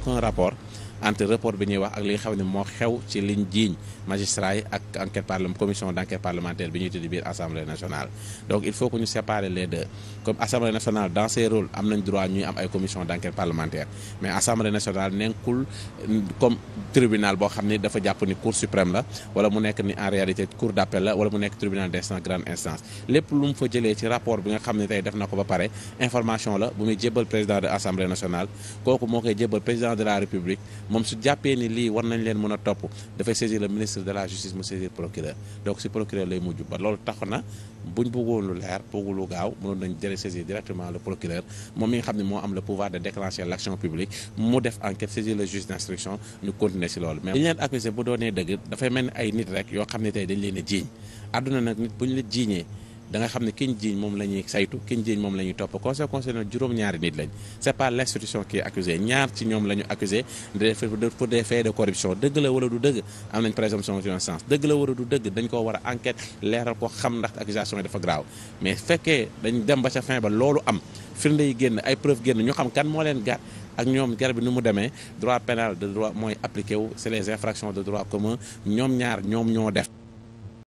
aucun rapport entre rapport bi ñuy wax ak li nga xam ne moo xew ci liñ jiiñ magistrat ak enquête parlement commission d' enquête parlementaire bi ñuy tuddi biir assemblée nationale donc il faut que ñu séparer les deux comme assemblée nationale dans ses rôles am nañ droit ñuy am ay commission d' parlementaire mais assemblée nationale nekkul euh, comme tribunal boo xam ni dafa jàpp ni cour suprême la wala mu nekk ni en réalité cour d' la wala mu nekk tribunal d' instance grande instance lépp lu mu fa xam ne tey def na ko ba pare information la bu muy jébbal président de assemblée kooku moo koy jébbal président de la république moom su jàppee ni lii war nañ leen mën a topp dafay saisir le ministre de la justice mu saisir procureur donc si procureur lay mujj ba loolu tax na buñ bëggoon lu leer bëggu lu gaaw mënoon nañ jëlee saisir directement le procureur moom mi nga xam ne moo am le pouvoir de déclencher l' action publique mu def enquête saisir le juge d' ñu continuer si loolu mais li ñu leen accusé bu doonee dëgg dafay mel ni ay nit rek yoo xam ne tey dañ leen a jiiñ àdduna nag nit bu ñu la jiiñee danga xam ne kiñ jiiñ moom la ñuy saytu kiñ jiiñ moom la ñuy topp conseil concerné juróom-ñaari nit lañ c'est pas l'institution qui est ñaar ci ñoom la ñu accusé pour des faits de corruption dëgg la wala du dëgg am nañ présomption d'innocence dëgg la wala dëgg dañ ko war a enquête leeral ko xam ndax accusation yi dafa grave mais fekkee dañ dem ba ca fin ba loolu am firnde yi génn ay preuve génn ñu xam kan moo leen gàtt ak ñoom gar bi ni mu demee droit mooy appliqué wu c'est les infractions de droit commun ñoom ñaar ñoom ñoo def